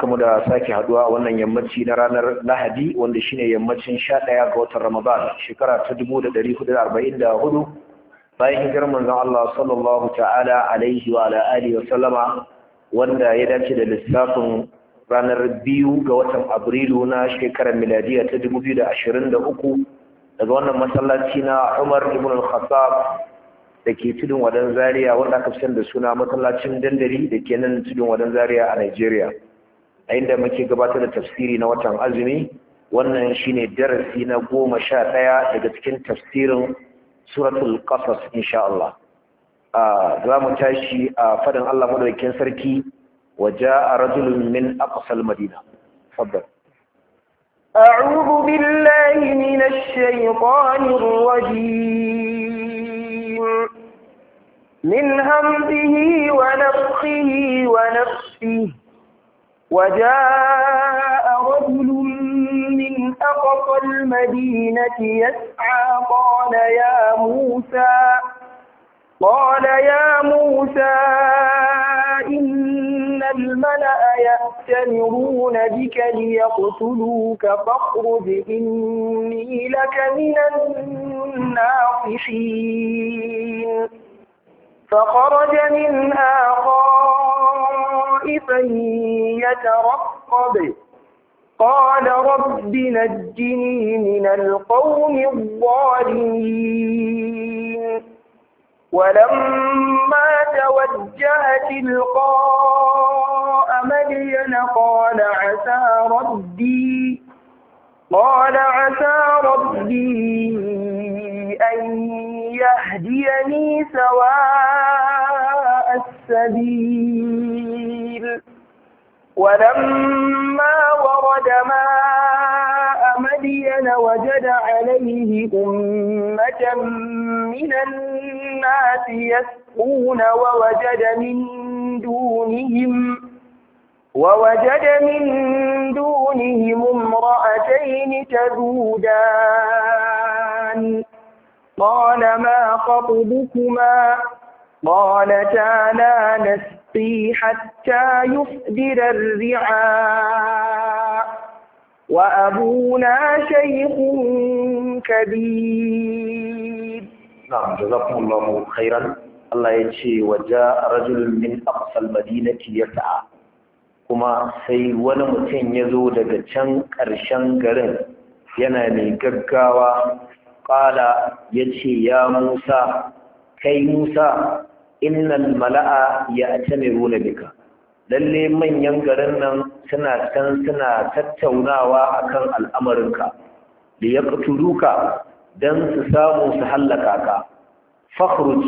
kamu da sake haduwa a wannan yammaci na ranar lahadi wanda shine yammacin ɗaya ga watan ramadan shekara ta hudu bayan hijirar manzon Allah sallallahu ta'ala alaihi wa ala alihi wa sallama wanda ya dace da lissafin ranar biyu ga watan abrilu na shekarar miladiya ta uku daga wannan masallaci na Umar ibn al-Khattab da ke tudun wadan zaria wanda aka fi da suna masallacin dandali da ke nan tudun wadan zaria a Najeriya. a inda muke gabatar da tafsiri na watan azumi wannan shine darasi na goma sha ɗaya daga cikin tafsirin suratul qasas insha Allah za mu tashi a fadin Allah madaukakin sarki wa a rajulun min aqsal madina faddal أعوذ بالله من الشيطان الرجيم من همزه ونفخه ونفسه وجاء رجل من أقصى المدينة يسعى قال يا موسى قال يا موسى الملأ يأتمرون بك ليقتلوك فاخرج إني لك من الناصحين فخرج منها خائفا يترقب قال رب نجني من القوم الظالمين ولما توجه تلقاء مدين قال عسى ربي قال عسى ربي أن يهديني سواء السبيل ولما ورد ماء مدين وجد عليه أمة من الناس يسقون ووجد من دونهم ووجد من دونهم امرأتين تذودان قال ما خطبكما قالتا لا نسقي حتى يفدر الرعاء وأبونا شيخ كبير نعم جزاكم الله خيرا الله يجي وجاء رجل من أقصى المدينة يسعى kuma sai wani mutum ya zo daga can ƙarshen garin yana mai gaggawa ƙala ya ce ya musa kai musa innan mala'a ya ta mai bika lalle manyan garin nan suna can suna tattaunawa akan al'amarinka da ya ƙutuluka don su samu su hallaka ka fakhruj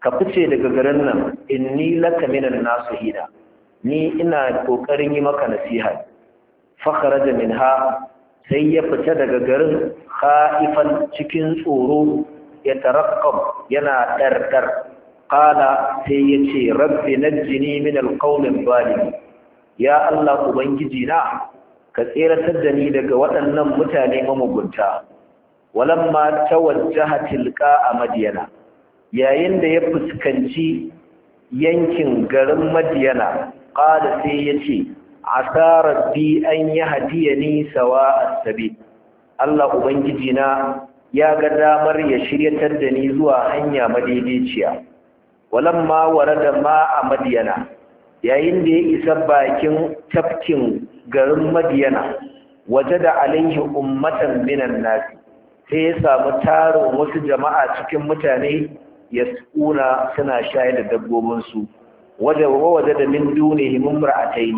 ka fice daga garin nan inni laka minan nasihina ni ina ƙoƙarin yi maka nasiha fakharaja minha sai ya fita daga garin khaifan cikin tsoro ya tarakkab yana ɗarɗar. kala sai yace rabbi jini min alqawmin zalim ya Allah ubangiji na ka tseratar da ni daga waɗannan mutane mamugunta walamma tawajjaha a madyana yayin da ya fuskanci yankin garin madyana qala sai yace asa rabbi an yahdiyani sawa'a sabil Allah ubangiji na ya ga damar ya shiryatar da ni zuwa hanya madaidaiciya walamma warada ma a madiyana yayin da ya isa bakin tafkin garin madiyana waje da alaihi ummatan minan nasi sai ya samu tarin wasu jama'a cikin mutane ya tsuna suna shayar da dabbobinsu waje waje da min dune himin ra'atai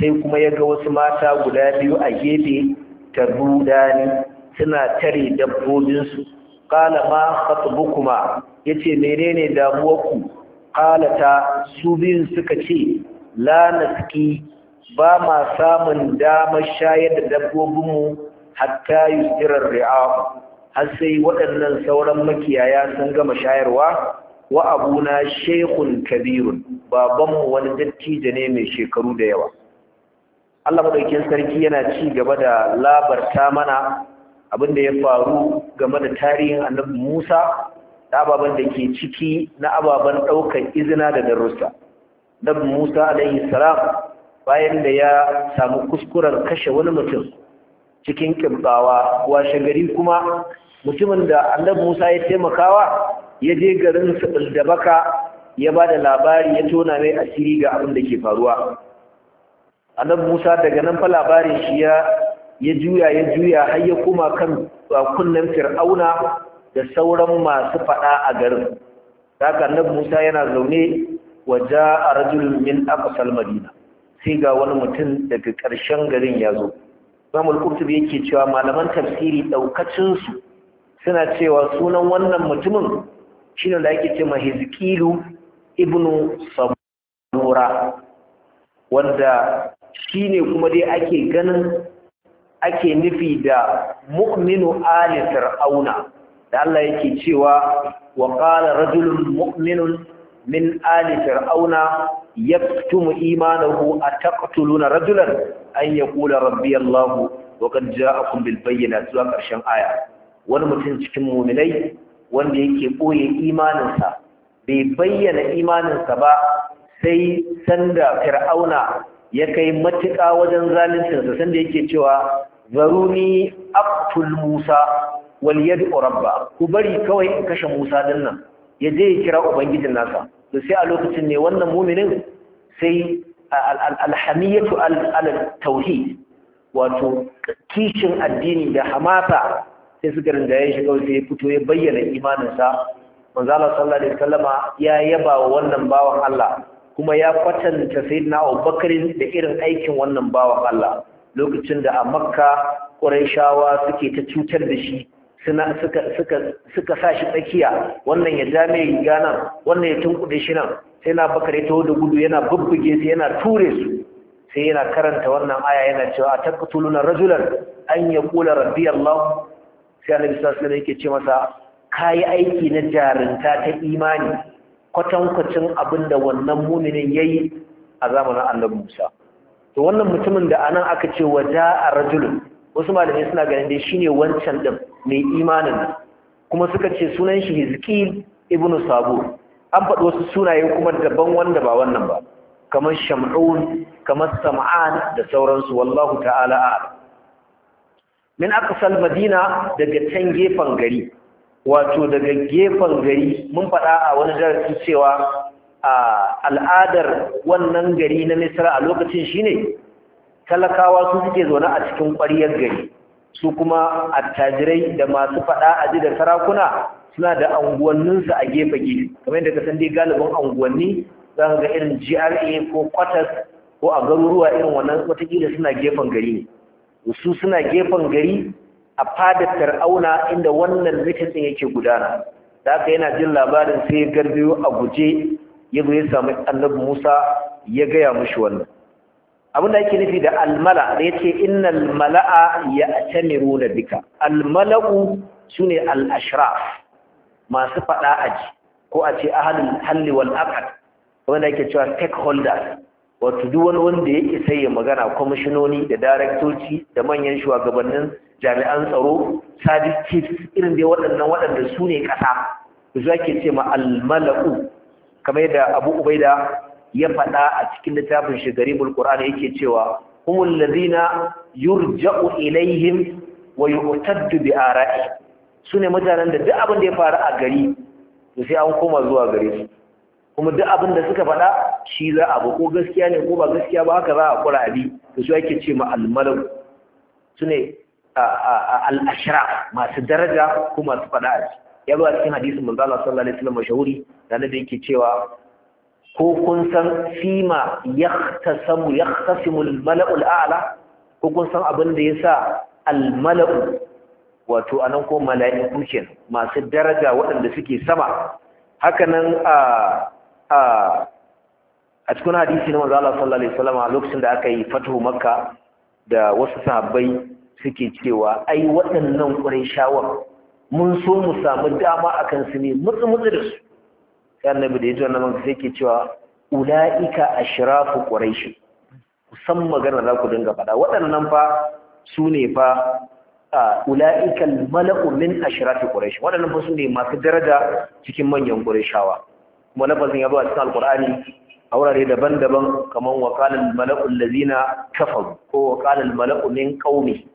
sai kuma ya ga wasu mata guda biyu a gefe ta rudani suna tare dabbobinsu qala ma khatbukuma yace menene ku? qalata su biyun suka ce la naski ba ma samun dama shayar da dabbobinmu hatta yusirar ri'a har sai waɗannan sauran makiyaya sun gama shayarwa wa abuna shaykhun kabirun babanmu wani dattijo ne mai shekaru da yawa Allah madaukakin sarki yana ci gaba da labarta mana abin da ya faru game da tarihin annabi Musa da ababen da ke ciki na ababen ɗaukar izina da darussa. Annabi Musa alaihi salam bayan da ya samu kuskuren kashe wani mutum cikin kimbawa washe gari kuma mutumin da annabi Musa ya taimakawa ya je garin su da baka ya ba da labari ya tona mai asiri ga abin da ke faruwa. Annabi Musa daga nan fa labarin shi ya ya juya ya juya har ya kuma kan kunnen fir'auna da sauran masu faɗa a garin haka nan Musa yana zaune waje a min aqsal madina sai ga wani mutum daga karshen garin ya zo Imamul Qurtubi yake cewa malaman tafsiri daukacin su suna cewa sunan wannan mutumin shine da yake cewa Hizqilu ibnu Sabura wanda shine kuma dai ake ganin ake nufi da mu'minu ali fir'auna da Allah yake cewa wa qala rajulun mu'minun min ali fir'auna yaktumu imanahu ataqtuluna rajulan an yaqula rabbi Allah wa qad ja'akum bil bayyinati zuwa karshen aya wani mutum cikin mu'minai wanda yake boye imaninsa bai bayyana imaninsa ba sai sanda fir'auna ya kai matuƙa wajen zaluncinsa sanda yake cewa zaruni aqtul musa wal Orabba. rabba ku bari kawai in kashe musa din nan ya je ya kira ubangijin nasa to sai a lokacin ne wannan mu'minin sai alhamiyatu al tauhid wato kishin addini da hamata. sai da ya shi kawai sai fito ya bayyana imaninsa manzo Allah sallallahu alaihi wasallama ya yaba wa wannan bawan Allah kuma ya kwatanta sayyidina Abubakar da irin aikin wannan bawan Allah lokacin da a makka ƙuraishawa suke ta cutar da shi suka sa shi tsakiya wannan ya dame riga nan wannan ya tunkuɗe shi nan sai na bakare ta da gudu yana bubbuge su yana ture su sai yana karanta wannan aya yana cewa a taktuluna rajulan an ya kula rabbi Allah sai annabi sallallahu alaihi yake ce masa kayi aiki na jarinta ta imani kwatankwacin abin da wannan muminin yayi a zamanin annabi Musa to wannan mutumin da anan aka ce waja a rajulun wasu malamai suna ganin dai shine wancan din mai imanin kuma suka ce sunan shi Hizqil ibn sabu an faɗi wasu sunaye kuma daban wanda ba wannan ba kamar Sham'un kamar Sam'an da sauransu wallahu ta'ala a'lam min aqsal madina daga can gefen gari wato daga gefen gari mun faɗa a wani darasi cewa al'adar wannan gari na misra a lokacin shi ne, talakawa su suke zaune a cikin ƙwariyar gari su kuma attajirai da masu faɗa a da sarakuna suna da anguwanninsu a gefe-gefe kamar yadda ka san dai galibin anguwanni za ga irin GRA ko kwatas ko a garuruwa irin wannan watakila suna gefen gari ne su suna gefen gari a fadar tar'auna inda wannan mitin yake gudana da aka yana jin labarin sai garbiyo a guje ya zo ya samu annabi Musa ya gaya mushi wannan abin da yake nufi da almala da yace ya mala'a ya'tamiruna bika almala'u sune al-ashraf masu fada aji ko a ce ahlul halli wal aqd wanda yake cewa stakeholders wato duk wani wanda yake sai ya magana kwamishinoni da daraktoci da manyan shugabannin jami'an tsaro service chiefs irin dai waɗannan waɗanda su ne ƙasa su ke ce ma almala'u kamar yadda Abu Ubaida ya faɗa a cikin littafin shi Garibul Qur'an yake cewa humul ladina yurja'u ilaihim wa yu'taddu bi ara'i sune mutanen da duk abin da ya faru a gari to sai an koma zuwa gare su kuma duk abin da suka faɗa shi za a ko gaskiya ne ko ba gaskiya ba haka za a kura abi to su ake ce ma almalau sune al ashra masu daraja ko masu faɗa a ciki ya zo cikin hadisin manzo Allah sallallahu alaihi wasallam mashahuri da nabi yake cewa ko kun san fima yahtasamu yahtasimu al-mala'u al-a'la ko kun san abin da yasa al-mala'u wato anan ko mala'iku kenan masu daraja waɗanda suke sama haka nan a a a cikin hadisi na manzo Allah sallallahu alaihi wasallam a lokacin da aka yi fatuhu makka da wasu sahabbai suke cewa ai waɗannan ƙurin shawar mun so mu samu dama a su ne mutsu mutsu da su sai annabi da ya ji wannan sai ke cewa ula'ika ashrafu quraish kusan magana za ku dinga faɗa waɗannan fa su ne fa ula'ika malaku min ashrafi quraish waɗannan fa su ne masu daraja cikin manyan qurayshawa kuma lafazin ya zo a cikin alqur'ani a wurare daban-daban kamar wakalar malakul lazina kafaru ko wakalar malaku min qaumi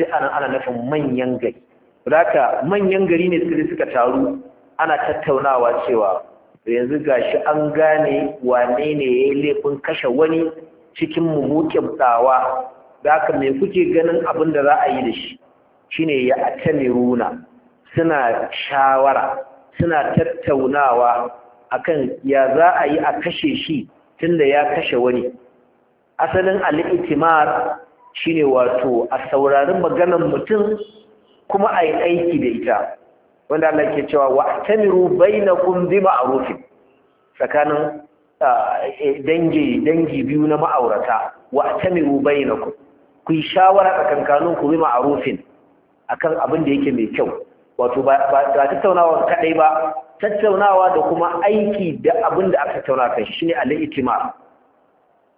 duk anan ana nufin manyan gari Raka manyan gari ne suka suka taru ana tattaunawa cewa yanzu gashi an gane wane ne ya yi laifin kashe wani cikin mummukin tsawa da mai kuke ganin abin da za a yi da shi shine ya runa, suna shawara suna tattaunawa akan ya za a yi a kashe shi tunda ya kashe wani asalin al'itimar shine wato a saurarin maganar mutum kuma a yi aiki da ita wanda Allah ke cewa wa tamiru bainakum bi ma'rufin tsakanin e, dangi dangi biyu na ma'aurata wa tamiru bainakum ku yi shawara tsakankanin ku bi A akan abin da yake mai kyau wato ba tattaunawa kadai ba tattaunawa da kuma aiki da abin da aka tattauna kan shine al-itimar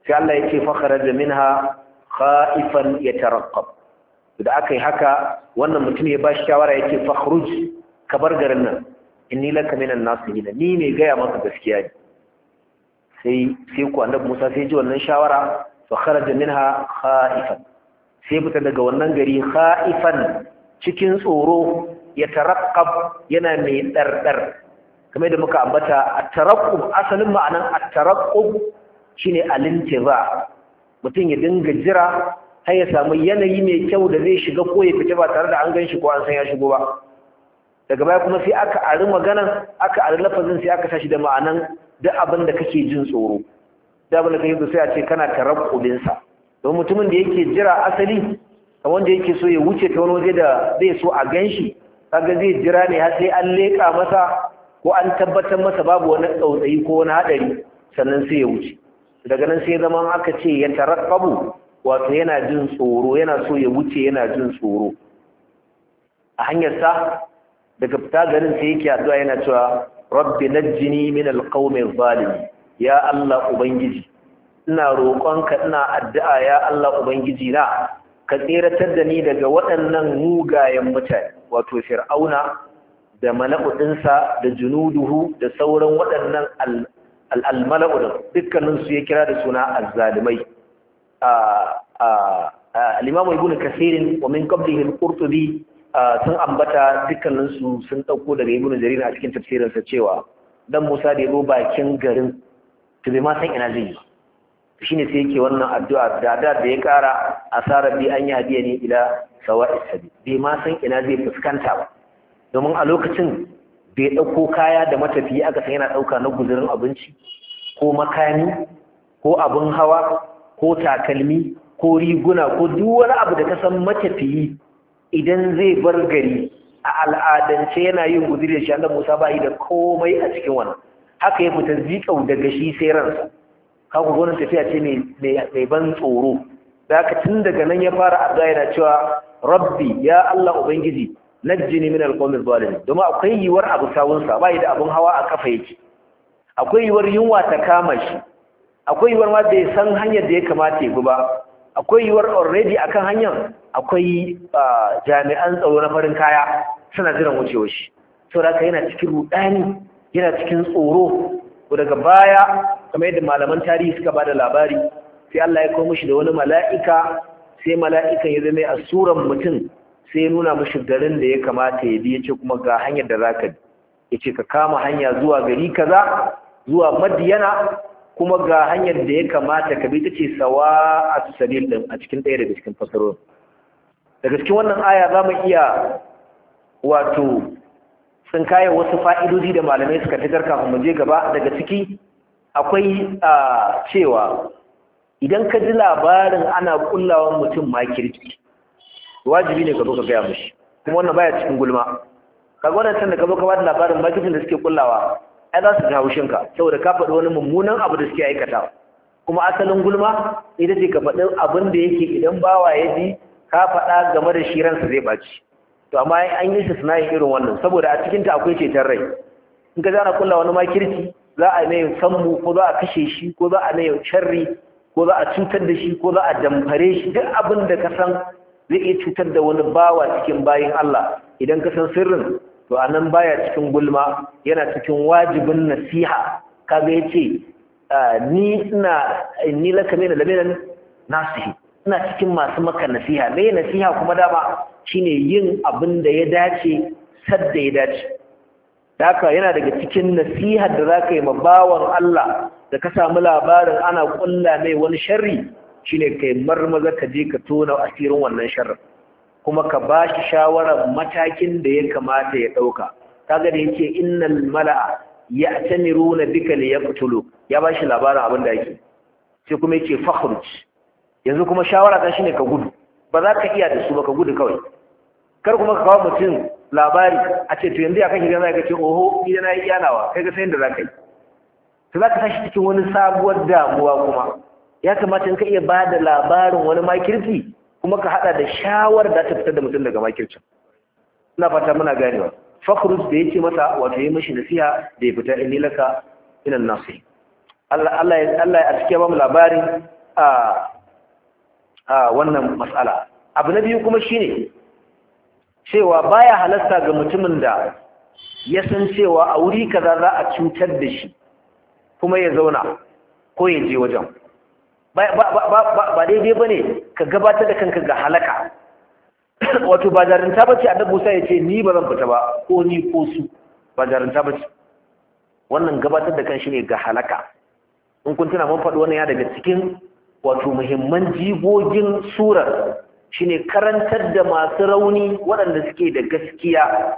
sai Allah ya ce fa kharaja minha khaifan yataraqqab da aka yi haka wannan mutum ya ba shi shawara yake Fakruj, ka bar garin nan In ni laka minan hina ni ne gaya maka gaskiya ne sai sai ku annabi Musa sai ji wannan shawara fa kharaja minha khaifan sai fita daga wannan gari khaifan cikin tsoro ya tarakkab yana mai dardar kamar da muka ambata at-tarakkub asalin ma'anan at-tarakkub shine al-intiza mutum ya dinga jira har ya samu yanayi mai kyau da zai shiga ko ya fita ba tare da an gan shi ko an san ya shigo ba daga baya kuma sai aka ari maganan aka ari lafazin sai aka tashi da ma'anan duk abin da kake jin tsoro da abin da kake so sai a ce kana tarakkubin sa don mutumin da yake jira asali wanda yake so ya wuce ta wani waje da zai so a gan shi kaga zai jira ne har sai an leƙa masa ko an tabbatar masa babu wani tsautsayi ko wani haɗari sannan sai ya wuce daga nan sai zaman aka ce ya tarakkabu wato yana jin tsoro yana so ya wuce yana jin tsoro a hanyarsa daga fita garin sai yake addu'a yana cewa rabbi najjini min alqawmi zalimi ya Allah ubangiji ina roƙonka ina addu'a ya Allah ubangiji na ka tseratar da ni daga waɗannan mugayen mutane wato fir'auna da mala'udinsa da junuduhu da sauran waɗannan al'almala'udin dukkaninsu ya kira da suna azzalimai al Buna Ibn Kathir wa min qablihi al-Qurtubi ah, sun ambata dukkanin su sun dauko daga Ibn Jarir a cikin tafsirin sa cewa dan Musa da yazo bakin garin to bai ma san ina zai yi shine sai yake wannan addu'a da da da ya kara asara bi an yadi ni ila sawa'i sabi bai ma san ina zai fuskanta ba domin a lokacin bai dauko kaya da matafiya aka san yana dauka na guzurin abinci ko makami ko abin hawa ko takalmi ko riguna ko duk wani abu da ka san matafiyi idan zai bar gari a al'adance yana yin guzuri da shi Allah Musa ba yi da komai a cikin wannan haka ya fita zikau daga shi sai ransa kaku tafiya ce mai ban tsoro zaka tun daga nan ya fara addu'a yana cewa rabbi ya Allah ubangiji najjini min alqawmiz zalimin domin akwai yiwar abu sawunsa bai da abun hawa a kafa yake akwai yiwar yunwa ta kama shi akwai yiwuwar ma bai san hanyar da ya kamata ya ba akwai yiwuwar already akan hanyar akwai ah, jami'an tsaro na farin kaya suna jiran wucewa shi saboda yana cikin rudani yana cikin tsoro daga baya kamar yadda malaman tarihi suka ba da labari sai Allah ya kawo mishi da wani mala'ika sai mala'ikan ya zama a suran mutum sai ya nuna mishi garin da ya kamata ya bi ya ce kuma ga hanyar da za ka ya ce ka kama hanya zuwa gari kaza zuwa madiyana kuma ga hanyar da ya kamata ka bi ta ce sawa a sabil din a cikin ɗaya daga cikin fasarorin daga cikin wannan aya za mu iya wato tsinkaye wasu fa'idodi da malamai suka fitar kafin mu je gaba daga ciki akwai a cewa idan ka ji labarin ana ƙullawan mutum makirki wajibi ne ka zo ka gaya mushi kuma wannan baya cikin gulma kaga wannan can da ka zo ka da labarin makirkin da suke kullawa Ya su haushin ka saboda ka faɗi wani mummunan abu da suke aikata. kuma asalin gulma ita ce ka faɗi abin da yake idan bawa ya ji ka faɗa game da shi ransa zai ɓaci to amma an yi yin irin wannan saboda a cikin ta akwai ceton rai in ka zana kulla wani makirci za a mai sammu ko za a kashe shi ko za a mai sharri ko za a cutar da shi ko za a damfare shi duk abin da ka san zai iya cutar da wani bawa cikin bayin Allah idan ka san sirrin to a nan baya cikin gulma yana cikin wajibin nasiha kaga yace ah, ni ina inni laka da lamiran nasihi ina cikin masu maka nasiha me nasiha kuma dama shine yin abin da ya dace sadda ya dace haka yana daga cikin nasiha da zaka yi mabawan Allah da ka samu labarin ana kulla mai wani sharri shine kai marmaza ka je ka tona asirin wannan sharrin kuma ka ba shi shawarar matakin da ya kamata ya ɗauka kaga da yake innal mala'a ya tamiru bika ne ya fitulu ya ba shi labarin abin da yake sai kuma yake fakhruj yanzu kuma shawara ta shine ka gudu ba za ka iya da su ba ka gudu kawai kar kuma ka kawo mutum labari a ce to yanzu ya kake ganin ka ce oho ni na yi iyanawa kai ga sayin da za ka yi to za ka tashi cikin wani sabuwar damuwa kuma ya kamata in ka iya ba da labarin wani makirfi? kuma ka hada da shawar da ta fitar da mutum daga makircin ina fata muna ganewa fakhrus da yake mata wato yayin mashi nasiha da ya fita inni laka Ina nasi Allah Allah Allah a cikin bamu labari a a wannan matsala. abu na biyu kuma shine cewa baya halasta ga mutumin da ya san cewa a wuri kaza za a cutar da shi kuma ya zauna ko ya je wajen ba daidai ba ne ka gabatar da kanka ga halaka wato ba jarinta ba ce annabi musa ya ce ni ba zan fita ba ko ni ko su ba jarinta ba ce wannan gabatar da shi ne ga halaka in kun tuna mun faɗi wannan ya daga cikin wato muhimman jigogin surar shine karantar da masu rauni waɗanda suke da gaskiya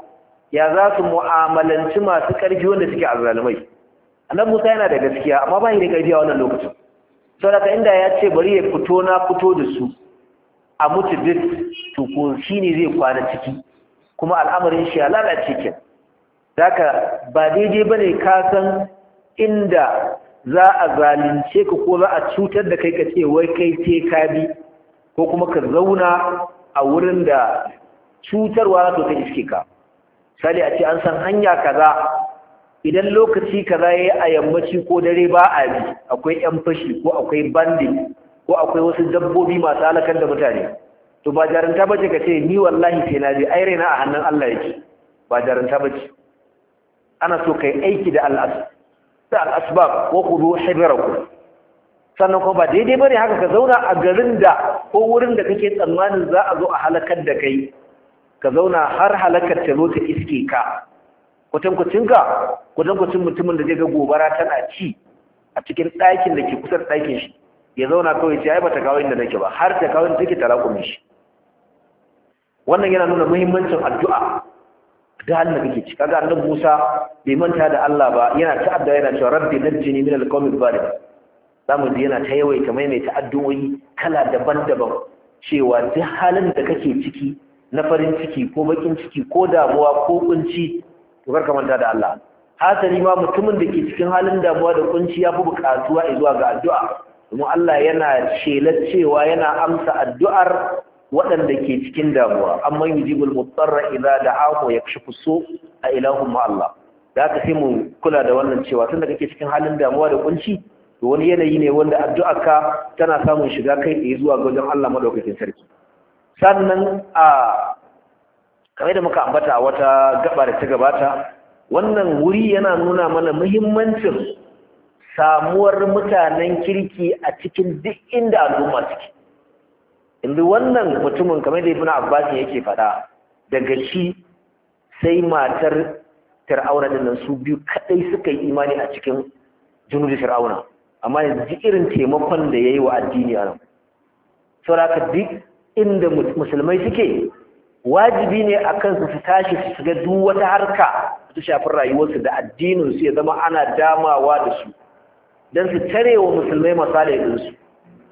ya za su mu'amalanci masu ƙarfi wanda suke zalimai annabi musa yana da gaskiya amma ba shi da ƙarfi a wannan lokacin sau daga inda ya ce bari ya fito na fito da su a mutu duk tukun shi ne zai kwana ciki kuma al'amarin shi ya lalace kin ka ba daidai ba ne kasan inda za a zalunce ka ko za a cutar da kai ka ce wai kai ce ka bi ko kuma ka zauna a wurin da cutarwa na ta iske ka sali a ce an san hanya kaza idan lokaci kaza yayi a yammaci ko dare ba a yi akwai yan fashi ko akwai bandit ko akwai wasu dabbobi masu halakar da mutane to ba jaranta bace ka ce ni wallahi sai na je ai raina a hannun Allah yake ba jaranta bace ana so kai aiki da al'as da al'asbab wa khudu hibrakum sannan ko ba daidai bane haka ka zauna a garin da ko wurin da kake tsammanin za a zo a halakar da kai ka zauna har halakar ta zo ta iske ka kwatankwacin ka kwatankwacin mutumin da zai ga gobara tana ci a cikin ɗakin da ke kusa da ɗakin shi ya zauna kawai ce ai bata kawo inda nake ba har ta kawo inda take tarakumin shi wannan yana nuna muhimmancin addu'a da hannun da kake ci kaga annabi Musa bai manta da Allah ba yana ta addu'a yana cewa rabbi najjini min al ba zalim zamu ji yana ta yawaita maimaita addu'o'i kala daban-daban cewa duk halin da kake ciki na farin ciki ko bakin ciki ko damuwa ko kunci to kar ka manta da Allah hasali ma mutumin da ke cikin halin damuwa da kunci ya fi bukatuwa zuwa ga addu'a domin Allah yana shelar cewa yana amsa addu'ar waɗanda ke cikin damuwa amma yujibul mutarra idza da'ahu yakshifu su a ilahu ma Allah da ka sai mu kula da wannan cewa tunda kake cikin halin damuwa da kunci to wani yanayi ne wanda addu'arka tana samun shiga kai tsaye zuwa ga wajen Allah madaukakin sarki sannan a kamar da muka ambata wata gaba da ta gabata wannan wuri yana nuna mana muhimmancin samuwar mutanen kirki a cikin duk inda al'umma suke inda wannan mutumin kamar da ibn abbas yake faɗa daga shi sai matar fir'auna din nan su biyu kadai suka yi imani a cikin junudi fir'auna amma yanzu irin taimakon da yayi wa addini a nan saboda duk inda musulmai suke wajibi ne a kansu su tashi su shiga duk wata harka ta shafin rayuwarsu da addininsu ya zama ana damawa da su don su tare wa musulmai ɗinsu.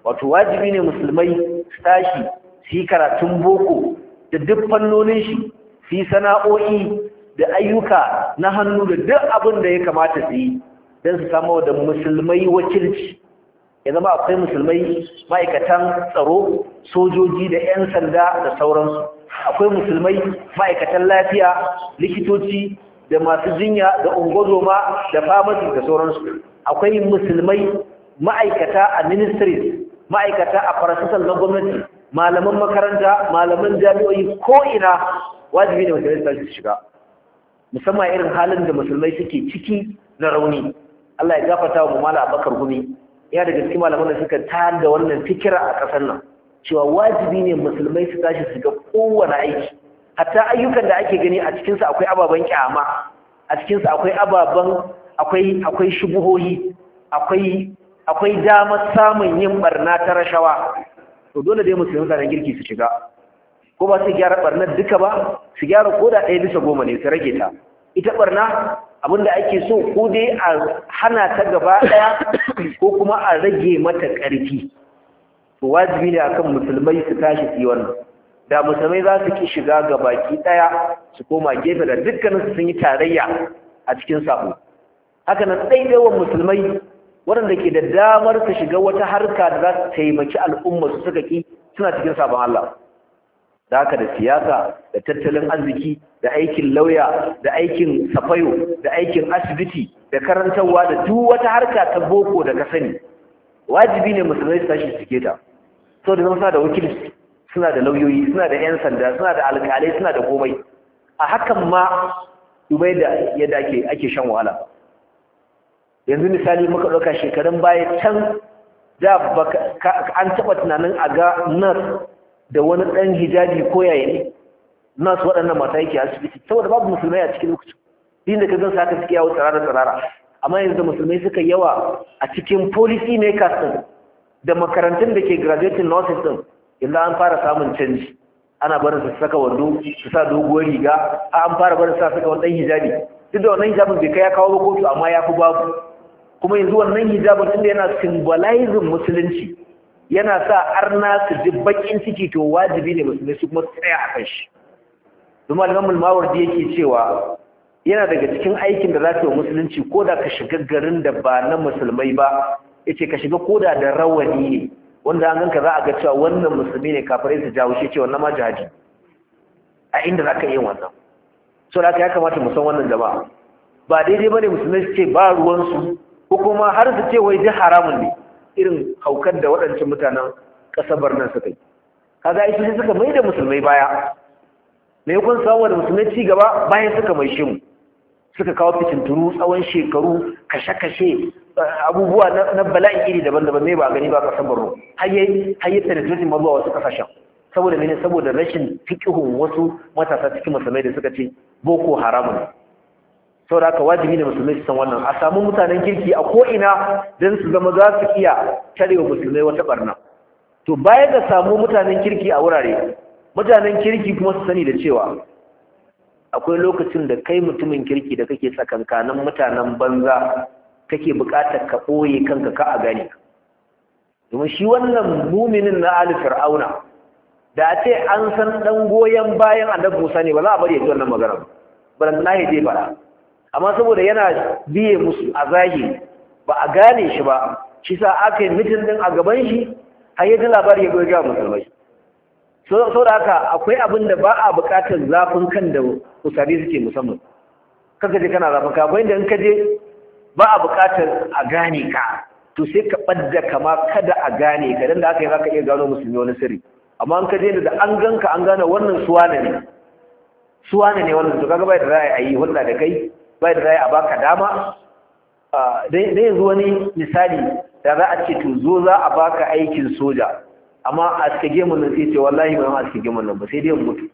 wato wajibi ne musulmai su tashi su yi karatun boko da duk fannonin shi su sana'o'i da ayyuka na hannu da duk abin da ya kamata su yi don su samu da musulmai wakilci ya zama akwai musulmai ma'aikatan tsaro sojoji da 'yan sanda da sauransu akwai musulmai ma'aikatan lafiya likitoci da masu jinya da ungozoma da famasi da sauransu akwai musulmai ma'aikata a ministries ma'aikata a farasitan na gwamnati malaman makaranta malaman jami'o'i ina wajibi ne musulmai su shiga musamman irin halin da musulmai suke ciki na rauni Allah ya gafarta wa mala abakar gumi ya daga cikin malaman da suka tayar da wannan fikira a ƙasar nan cewa wajibi ne musulmai su tashi su ga kowane aiki hatta ayyukan da ake gani a cikinsa akwai ababen kyama a cikinsa akwai ababen akwai akwai shubuhohi akwai damar samun yin barna ta rashawa to dole dai musulmai tsaron girki su shiga ko ba su gyara barnar duka ba su gyara koda ɗaya bisa goma ne su rage ta ita barna abin da ake so ko dai a hana ta gaba ɗaya ko kuma a rage mata ƙarfi to wajibi ne akan musulmai su tashi su yi wannan da musulmai za su ki shiga ga baki daya su koma gefe da dukkanin sun yi tarayya a cikin sabo haka nan daidaiwan musulmai waɗanda ke da damar su shiga wata harka da za su taimaki al'umma su suka ki suna cikin sabon Allah da haka da siyasa da tattalin arziki da aikin lauya da aikin safayo da aikin asibiti da karantarwa da duk wata harka ta boko da ka sani wajibi ne musulmai su tashi su ta so da suna da wakil suna da lauyoyi suna da 'yan sanda suna da alkalai suna da komai a hakan ma dubai da yadda ake ake shan wahala yanzu misali muka ɗauka shekarun baya can da an taɓa tunanin a ga nas da wani ɗan hijabi ko yaya ne nas waɗannan mata yake asibiti saboda babu musulmai a cikin lokacin din da ka gan haka suke yawo tsirara tsirara amma yanzu musulmai suka yawa a cikin policy makers da makarantun da ke graduating nurses din illa an fara samun canji ana barin su saka wando su sa doguwar riga a an fara barin su saka wani hijabi duk da wannan hijabin bai kai ya kawo kotu amma ya fi babu kuma yanzu wannan hijabin tunda yana symbolizing musulunci yana sa arna su ji bakin ciki to wajibi ne musulmi su kuma tsaya a kan shi kuma al mawardi yake cewa yana daga cikin aikin da za ta yi musulunci ko da ka shiga garin da ba na musulmai ba yace ka shiga koda da rawani ne wanda an ganka za a ga cewa wannan musulmi ne kafirai su jawo shi cewa wannan ma a inda za ka yi wannan so da ya kamata mu san wannan jama'a ba daidai bane musulmai su ce ba ruwansu ko kuma har su ce wai duk haramun ne irin haukar da waɗancan mutanen ƙasar birnin suka yi kaga ai su suka mai da musulmai baya me kun samu da musulmai ci gaba bayan suka mai shi mu suka kawo turu tsawon shekaru kashe-kashe abubuwa na bala'i iri daban-daban mai ba a gani ba da borno har yi penetration ma wasu kasashen saboda mene saboda rashin fikihun wasu matasa cikin musulmai da suka ce boko haramun da aka wajibi da musulmai su san wannan a samu mutanen kirki a ko'ina don su zama za su iya tarewa musulmai wata barna to bayan ka samu mutanen kirki a wurare mutanen kirki kuma su sani da cewa akwai lokacin da kai mutumin kirki da kake tsakankanin mutanen banza kake buƙatar ka ɓoye kanka ka a gani domin shi wannan muminin na ali fir'auna da a ce an san ɗan goyon bayan annabi musa ne ba za a bari ya ji wannan magana ba na ya je bara amma saboda yana biye musu a zahiri ba a gane shi ba shi sa aka yi mitin din a gaban shi har ya ji labari ya goya musulmai so da haka akwai abin da ba a buƙatar zafin kan da usari suke musamman kanka je kana zafin ka bayan da in ka je ba a buƙatar a gane ka to sai ka ɓadda kama kada a gane ka dan da aka yi za ka iya gano musulmi wani sirri amma an ka je da an gan ka, an gane wannan suwana ne suwana ne wannan to kaga bai da ra'ayi a yi hulɗa da kai bai da ra'ayi a baka dama ah, dai yanzu wani misali da za a ce to zo za a baka aikin soja amma a cikin gemun nan sai ce wallahi ba a cikin gemun nan ba sai dai mutu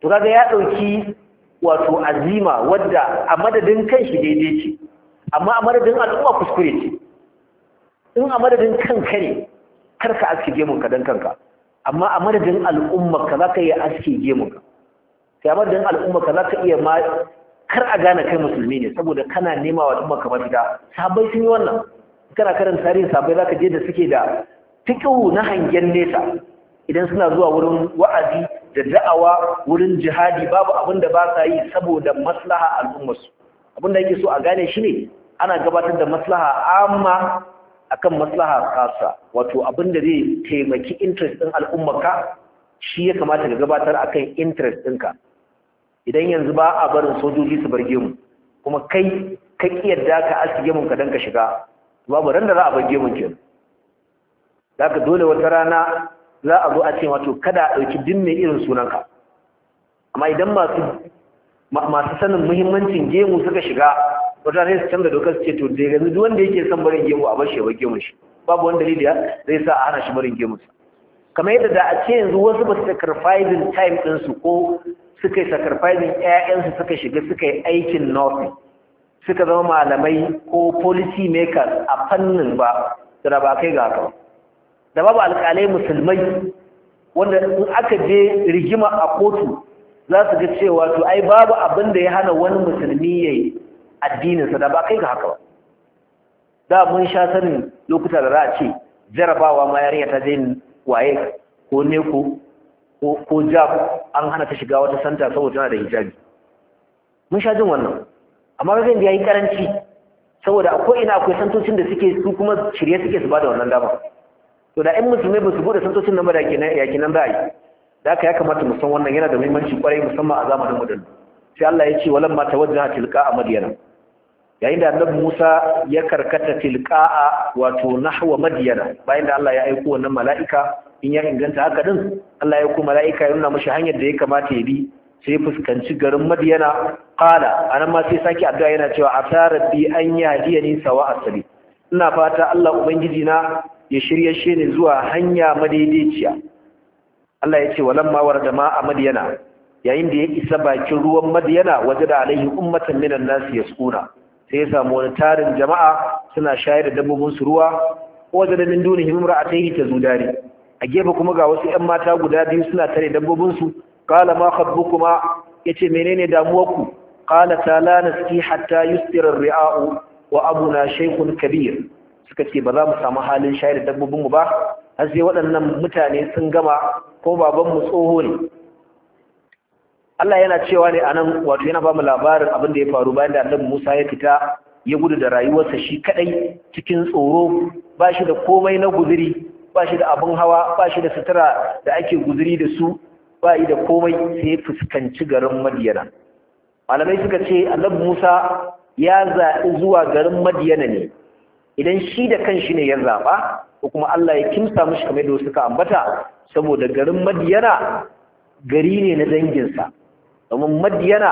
to kaga ya dauki wato azima wadda a madadin kan shi daidai ce amma a madadin al'umma kuskure ce in a madadin kanka ne karka aske gemun ka dan kanka amma a madadin al'umma ka za ka iya aske gemun ka sai a madadin al'umma ka za ka iya ma kar a gane kai musulmi ne saboda kana nema wa al'umma ka mafita sabai sun yi wannan kana karin tarihin sabai zaka je da suke da fikihu na hangen nesa idan suna zuwa wurin wa'azi da da'awa wurin jihadi babu abin da ba sa yi saboda maslaha al'ummarsu abin da yake so a gane shi ne ana gabatar da maslaha amma akan maslaha kasa wato abin da zai taimaki interest ɗin al'ummarka shi ya kamata ka gabatar akan interest ɗinka idan yanzu ba a barin sojoji su barge mu kuma kai ka ƙiyar da ka aske gemun ka don ka shiga babu ran da za a barge mun kenan zaka dole wata rana za a zo a ce wato kada a ɗauki dinne irin sunanka amma idan masu sanin muhimmancin gemu suka shiga wata rana su canza dokar su ce to da yanzu duk wanda yake son barin gemu a bashi ya bar gemun shi babu wani dalili zai sa a hana shi barin gemun sa kamar yadda da a ce yanzu wasu ba su sacrificing time ɗinsu ko suka yi sacrificing ƴaƴansu suka shiga suka yi aikin nursing suka zama malamai ko policy makers a fannin ba da ba kai ga haka ba da babu alƙalai musulmai wanda in aka je rigima a kotu za su ga cewa to ai babu abin da ya hana wani musulmi ya yayi addininsa da ba kai ga haka ba da mun sha sanin lokuta da za a ce jarabawa ma yarinya ta zai waye ko ne ko jab an hana ta shiga wata santa saboda tana da hijabi mun sha jin wannan amma ga yayi karanci saboda akwai ina akwai santocin da suke su kuma shirye suke su bada wannan dama to da ɗan musulmai ba su bude santocin nan ba da yaki nan za a yi da aka ya kamata musan wannan yana da muhimmanci kwarai musamman a zamanin mu sai Allah ya ce walan ma tawajjaha tilqa a madyana yayin da annabi Musa ya karkata tilqa wato nahwa madyana bayan da Allah ya aiko wannan mala'ika in ya inganta haka din Allah ya aiko mala'ika ya nuna mashi hanyar da ya kamata ya bi sai fuskanci garin madyana qala anan ma sai saki addu'a yana cewa asara bi an yadiyani sawa asali ina fata Allah ubangiji na ya shirya shi ne zuwa hanya madaidaiciya Allah ya ce walamma warada ma a madiyana yayin da ya isa bakin ruwan madiyana waje da alaihi ummatan minan nasu yasquna sai ya samu wani tarin jama'a suna shayar da dabbobin su ruwa waje da min dunihi ta zudari, a gefe kuma ga wasu 'yan mata guda biyu suna tare dabbobin su qala ma khabbukuma yace menene ku? qala ta la nasqi hatta yusdira ar-ri'a'u wa abuna shaykhun kabir suka ce ba za mu samu halin shayar da dabbobinmu ba har sai waɗannan mutane sun gama ko babanmu tsoho ne Allah yana cewa ne anan wato yana ba mu labarin abin da ya faru bayan da Annabi Musa ya fita ya gudu da rayuwarsa shi kadai cikin tsoro ba shi da komai na guzuri ba shi da abin hawa ba shi da sutura da ake guzuri da su ba yi da komai sai ya fuskanci garin madiyana malamai suka ce annabi musa ya zaɓi zuwa garin madiyana ne idan shi da kanshi ne ya zaba ko kuma Allah ya kimsa mishi kamar da suka ambata saboda garin Madiyana gari ne na danginsa domin Madiyana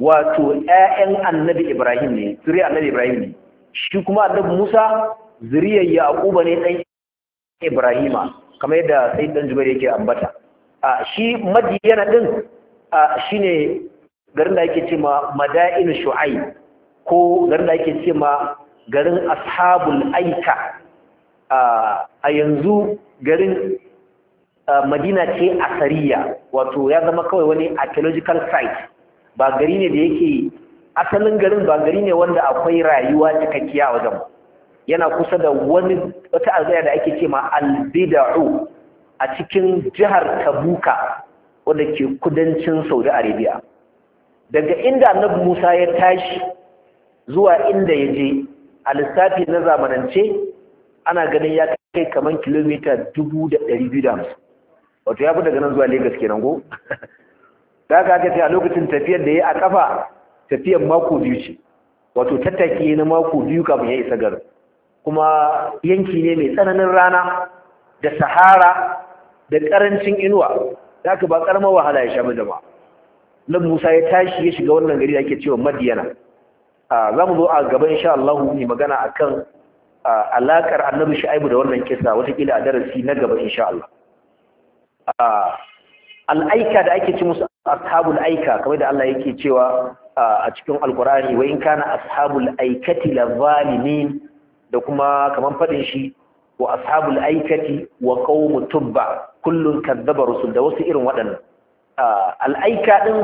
wato 'ya'yan Annabi Ibrahim ne zuri Annabi Ibrahim ne shi kuma Annabi Musa zuriyar Yaquba ne dan Ibrahima kamar yadda sai dan Jubair yake ambata a shi Madiyana din shine garin da yake cewa Madain Shu'aib ko garin da yake cewa garin ashabul aika a yanzu garin madina ce a sariya wato ya zama kawai wani archaeological site ba gari ne da yake asalin garin ba gari ne wanda akwai rayuwa cikakkiya wajen yana kusa da wani wata alzaya da ake ce ma albida'u a cikin jihar tabuka wanda ke kudancin saudi arabia daga inda annabi musa ya tashi zuwa inda ya je a lissafi na zamanance ana ganin ya kai kamar kilomita dubu da ɗari biyu da hamsin wato ya fi daga nan zuwa Legas kenan go? da aka aka ce a lokacin tafiyar da ya a kafa tafiyar mako biyu ce wato tattaki na mako biyu kafin ya isa garin kuma yanki ne mai tsananin rana da sahara da ƙarancin inuwa da aka ba ƙaramar wahala ya sha mu jama'a nan musa ya tashi ya shiga wannan gari da ake cewa madiyana za mu zo a gaba insha Allah mu magana akan alakar annabi Shu'aibu da wannan kisa watakila a darasi na gaba insha Allah al'aika da ake ci musu ashabul aika kamar da Allah yake cewa a cikin alkurani wa in kana ashabul aikati la zalimin da kuma kamar faɗin shi wa ashabul aikati wa qaum tubba kullun kadzaba rusul da wasu irin waɗannan al'aika ɗin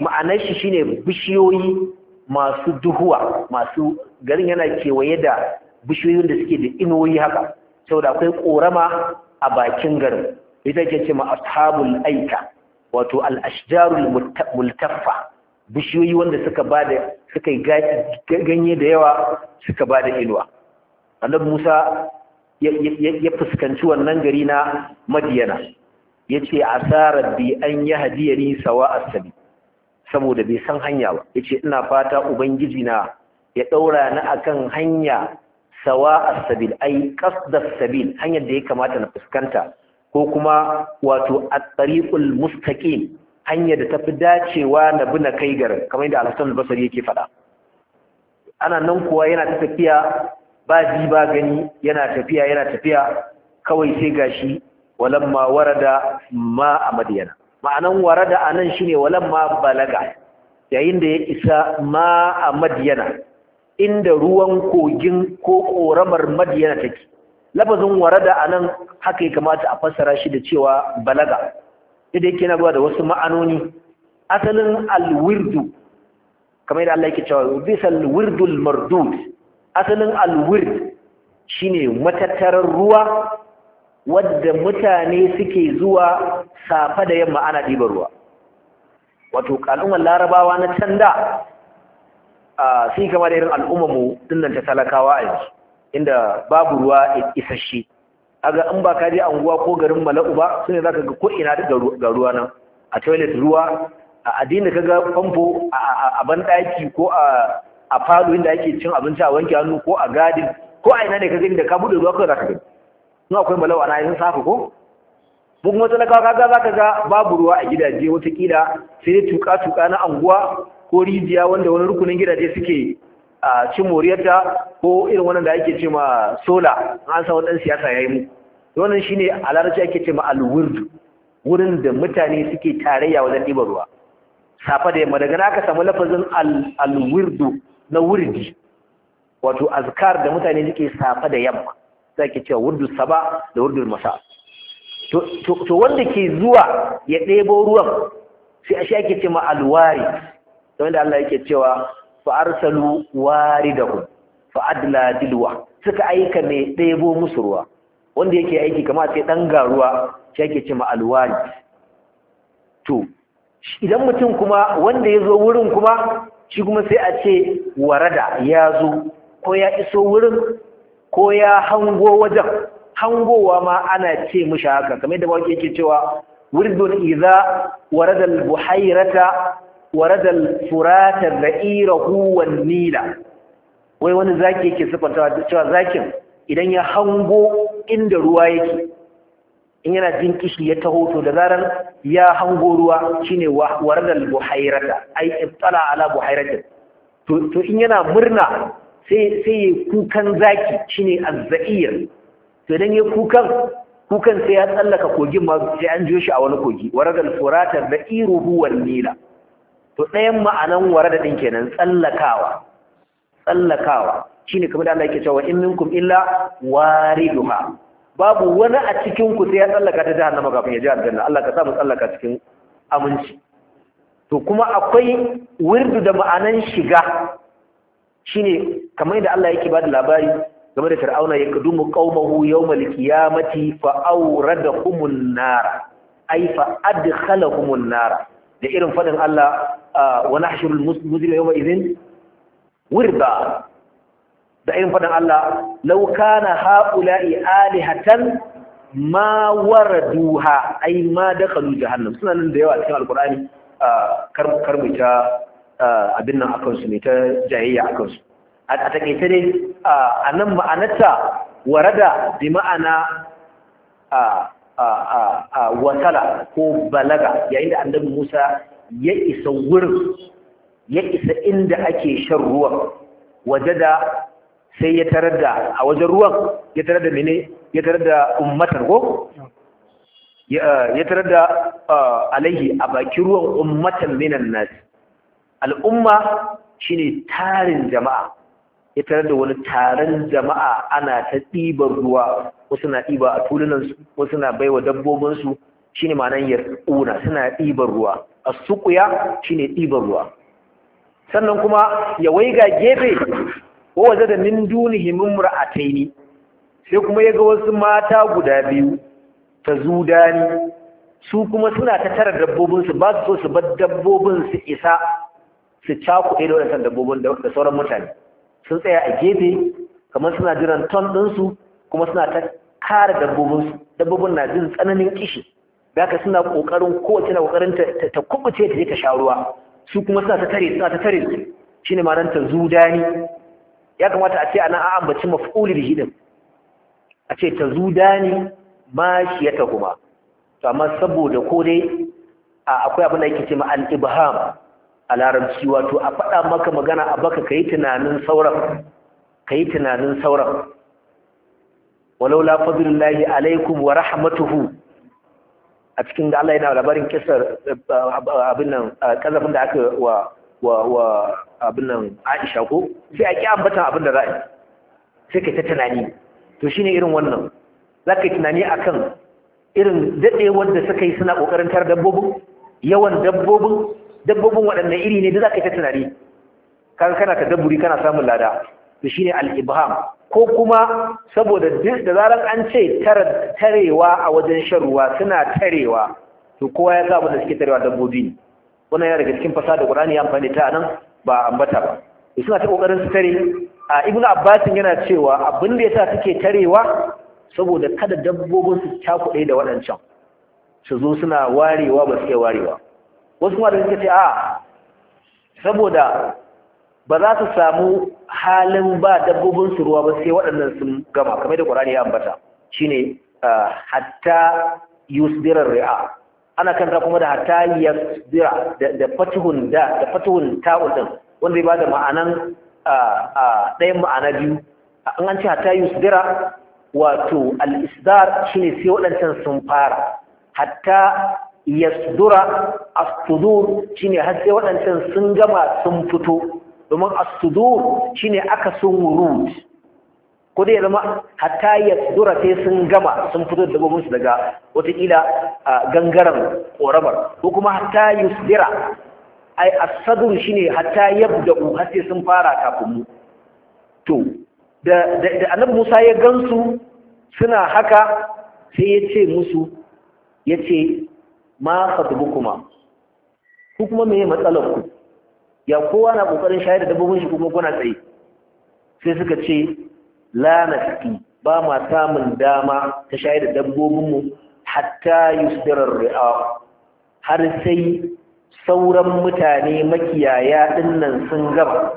ma'anar shi shine bishiyoyi masu duhuwa masu garin yana kewaye da bishiyoyin da suke da inuwoyi haka saboda akwai korama a bakin garin ita ke ce ma ashabul aika wato al-ashjarul multaffa bishiyoyi wanda suka da suka ganye da yawa suka ba da inuwa annabi Musa ya fuskanci wannan gari na Madiyana yace asara bi an yahdiyani sawa as saboda bai san hanya ba yace ina fata ubangiji na ya daura ni akan hanya sawa as-sabil ai qasda as-sabil hanyar da ya kamata na fuskanta ko kuma wato at-tariqul mustaqim hanyar da tafi dacewa na bi na kai garin kamar yadda Al-Hasan al-Basri yake faɗa ana nan kuwa yana ta tafiya ba ji ba gani yana tafiya yana tafiya kawai sai gashi walamma warada ma a madiyana ma'anan warada anan shine walamma balaga yayin da ya isa ma a madiyana inda ruwan kogin ko ƙoramar madiyana take lafazin warada a nan haka ya kamata a fassara shi da cewa balaga idan yake na da wasu ma'anoni asalin alwirdu kamar yadda Allah yake cewa bisal wirdul mardud asalin alwird shine matattarar ruwa wadda mutane suke zuwa safa da yamma ana ɗiban ruwa wato al'ummar larabawa na can da sun kama da irin al'ummarmu dinnan ta talakawa a yanzu inda babu ruwa isasshe aga in ba ka je anguwa ko garin mala'u ba za ka ga ko ina ga ruwa nan a toilet ruwa a addini ga famfo a banɗaki ko a falo inda ake cin abinci a wanke hannu ko a gadin ko a ina ne ka gani da ka buɗe ruwa kawai ka gani suna akwai balawa a yin safi ko mu kuma talakawa kaga zaka ga babu ruwa a gidaje watakila sai dai tuka tuka na anguwa ko rijiya wanda wani rukunin gidaje suke a cin moriyarta ko irin wannan da ake ce ma sola an sa wadan siyasa ya yi mu wannan ne a larabci ake ce ma wurin da mutane suke tarayya wajen ruwa da yamma daga naka samu lafazin alwurdu na wurdi wato azkar da mutane suke safa da yamma za ki cewa wurdu saba da wurdu masa to wanda ke zuwa ya ɗebo ruwan sai a ashe ake ce ma alwari don da Allah yake cewa fa arsalu da fa adla dilwa suka aika mai ɗebo musu ruwa wanda yake aiki kama sai dan garuwa shi ake ce ma to idan mutum kuma wanda ya zo wurin kuma shi kuma sai a ce warada ya zo ko ya iso wurin ko ya hango wajen hangowa ma ana ce mishi haka kamar da baki yake cewa wirdun idza warada al-buhayrata warada al-furata dha'irahu wan nila wai wani zaki yake sifanta cewa zakin idan ya hango inda ruwa yake in yana jin kishi ya taho to da zaran ya hango ruwa shine warada al-buhayrata ay ibtala ala buhayratin to in yana murna sai ya kukan zaki shine azza'ir to don ya kukan kukan sai ya tsallaka kogin ma sai an jiyo shi a wani kogi waragal furata da iruhu wal nila to ɗayan ma'anan warada ɗin kenan tsallakawa tsallakawa Shi ne kamar da Allah yake cewa in minkum illa duha babu wani a cikin ku sai ya tsallaka ta nama kafin ya ji aljanna Allah ka sa mu tsallaka cikin aminci to kuma akwai wirdu da ma'anan shiga shine kamar da Allah yake bada labari game da Fir'auna ya kadumu qaumahu yawmal qiyamati fa awradahumun nara ay fa adkhalahumun nara da irin fadin Allah ah, wa nahshurul mujrima yawma idhin wirda da irin fadin Allah law kana haula'i alihatan ma waraduha ay ma dakhalu jahannam suna nan da yawa cikin alqur'ani ah, kar kar mu ta Eh, abin nan akan su ne ta jayayya akan su a takaice ne eh, a nan ma'anarta warada bi ma'ana eh, wasala ko balaga yayin da annabi Musa ya isa wurin ya isa inda ake shan ruwan wajada sai ya tarar da a wajen ruwan ya tarar da mene ya tarar da ummatar ko ya tarar da alaihi a bakin ruwan ummatan minan nasi al'umma shine tarin jama'a ya tarar da wani taron jama'a ana ta ɗibar ruwa wasu na ɗiba a tulunansu wasu na baiwa dabbobinsu shine ma'anar yar'una suna ɗibar ruwa a sukuya shine ɗiban ruwa sannan kuma ya wai ga gefe wawaza da min mura'atai ne. sai kuma ya ga wasu mata guda biyu ta zudani su kuma suna ta tara dabbobinsu su ba su so su bar dabbobin su isa su cakuɗe da waɗansan dabbobin da sauran mutane sun tsaya a gefe kamar suna jiran ton ɗinsu kuma suna ta kare dabbobinsu dabbobin na jin tsananin kishi da suna ƙoƙarin kowace na ƙoƙarin ta kubuce ta je ta sha ruwa su kuma suna ta tare suna ta tare su ne ma'anar ta zudani ya kamata a ce nan a ambaci maf'ulil hidin a ce ta zudani ma shi ya ta kuma to amma saboda ko dai akwai abin da yake ce ma al-ibham a larabci wato a faɗa maka magana a baka ka yi tunanin sauran ka yi tunanin sauran walau la alaikum wa rahmatuhu a cikin da Allah yana labarin kisar eh, abin nan kazafin eh, da aka wa wa wa abin nan Aisha ko sai a ki ambata abin da za'a sai ka ta tunani to shine irin wannan zaka tunani akan irin daɗe wanda suka yi suna kokarin tar dabbobin yawan dabbobin dabbobin waɗannan iri ne da za ka yi ta tunani kaga kana ta dabburi kana samun lada to shi al-ibham ko kuma saboda da zarar an ce tarewa a wajen sharuwa suna tarewa to kowa ya saba da suke tarewa dabbobi ne wannan ya daga cikin fasa da ƙurani ya amfani ta nan ba ambata ba da suna ta ƙoƙarin su tare a Ibn Abbas yana cewa abin da ya sa suke tarewa saboda kada dabbobin su cakuɗe da waɗancan su zo suna warewa ba suke warewa wasu ma da suka ce a saboda ba za su samu halin ba dabbobin su ruwa ba sai waɗannan sun gama kamar da ƙwararri ya ambata shine hatta yusbirar ri'a ana kanta kuma da hatta yusbira da fatihun da da fatihun ta'ul din wanda ya bada ma'anan ɗayan ma'ana biyu an an ce hatta yusbira wato al-isdar shine sai waɗancan sun fara hatta yasdura as-sudur shine har sai waɗancan sun gama sun fito domin as-sudur shine aka sun wurud ko dai zama hatta yasdura sai sun gama sun fito da dabbobin su daga watakila gangaren koramar ko kuma hatta yusdira ai as-sadr shine hatta yabda'u har sai sun fara kafin mu to da da annabi Musa ya gansu suna haka sai ya ce musu ya ce ma kuma ku kuma meye matsalar ku ya kowa na kokarin shayar da dabbobin shi kuma kuna tsaye sai suka ce la nasqi ba ma samun dama ta shayar da dabbobin mu hatta yusdirar ri'a har sai sauran mutane makiyaya dinnan sun gaba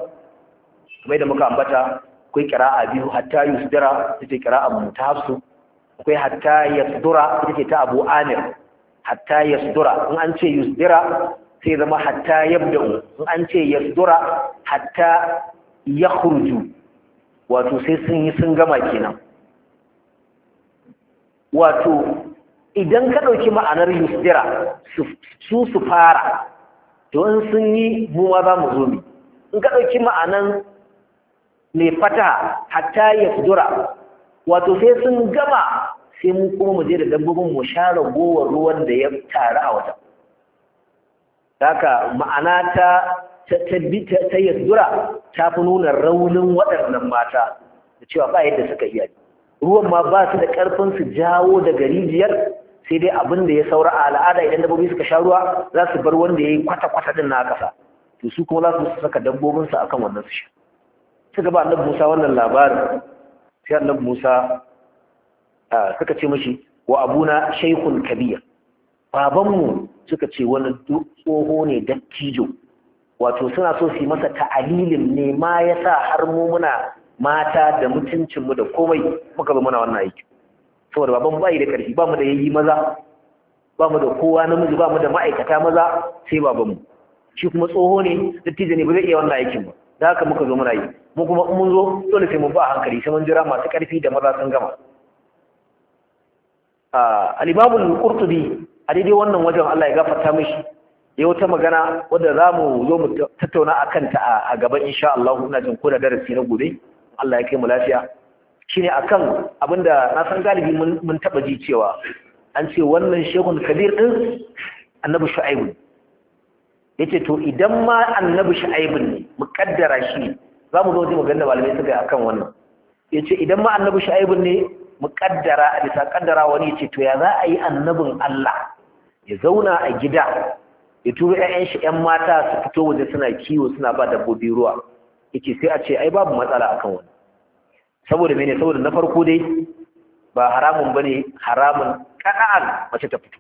kamar da muka ambata akwai kira'a biyu hatta yusdira ita kira'a mutahassu akwai hatta yasdura ita ce ta Abu Amir hatta yasdura in an ce yusdira sai zama hatta yabda'u in an ce yasdura hatta yakhruju wato sai sun yi sun gama kenan wato idan ka ɗauki ma'anar yusdira su su fara to in sun yi mu ma za mu zo mi, in ka dauki ma'anan mai fata hatta yasdura wato sai sun gama sai mu kuma mu je da dabbobin mu share gowar ruwan da ya tare a wata haka ma'ana ta ta yasdura ta fi nuna raunin waɗannan mata da cewa ba yadda suka iya ruwan ma ba su da ƙarfin su jawo daga rijiyar sai dai abin da ya saura a al'ada idan dabbobi suka sha ruwa za su bar wanda ya yi kwata-kwata din na ƙasa. to su kuma za su saka dabbobinsu akan wannan su sha suka ba annabi Musa wannan labarin sai annabi Musa Ah, suka ce mashi wa abuna shaykhun baban babanmu suka ce wani tsoho ne dattijo wato suna so su yi masa ta'alilin ne ma yasa har mu muna mata da mutuncinmu da komai muka zo muna wannan aiki saboda baban bai da karfi ba mu da yayi maza ba mu da kowa namiji ba mu da ma'aikata maza sai babanmu shi kuma tsoho ne dattijo ne ba zai iya wannan aikin ba da haka muka zo muna yi mu kuma mun zo dole sai mu ba hankali sai mun jira masu karfi da maza sun gama al-imamul qurtubi a daidai wannan wajen Allah ya gafarta mishi ya wata magana wadda za mu zo mu tattauna a kanta a gaban insha Allah ina jin ko da darasi na gobe Allah ya kai mu lafiya shine akan abinda na san galibi mun taba ji cewa an ce wannan shehun kabir din annabi shu'aibu yace to idan ma annabi shu'aibu ne mukaddara shi za mu zo mu magana malamai suka akan wannan yace idan ma annabi shu'aibu ne Muƙaddara, a bisa ƙaddara wani ce to ya za a yi annabin Allah ya zauna a gida ya turo 'ya'yan shi 'yan mata su fito waje suna kiwo suna ba dabbobi ruwa yake sai a ce ai babu matsala akan wani saboda mene saboda na farko dai ba haramun bane haramun kana'an mace ta fito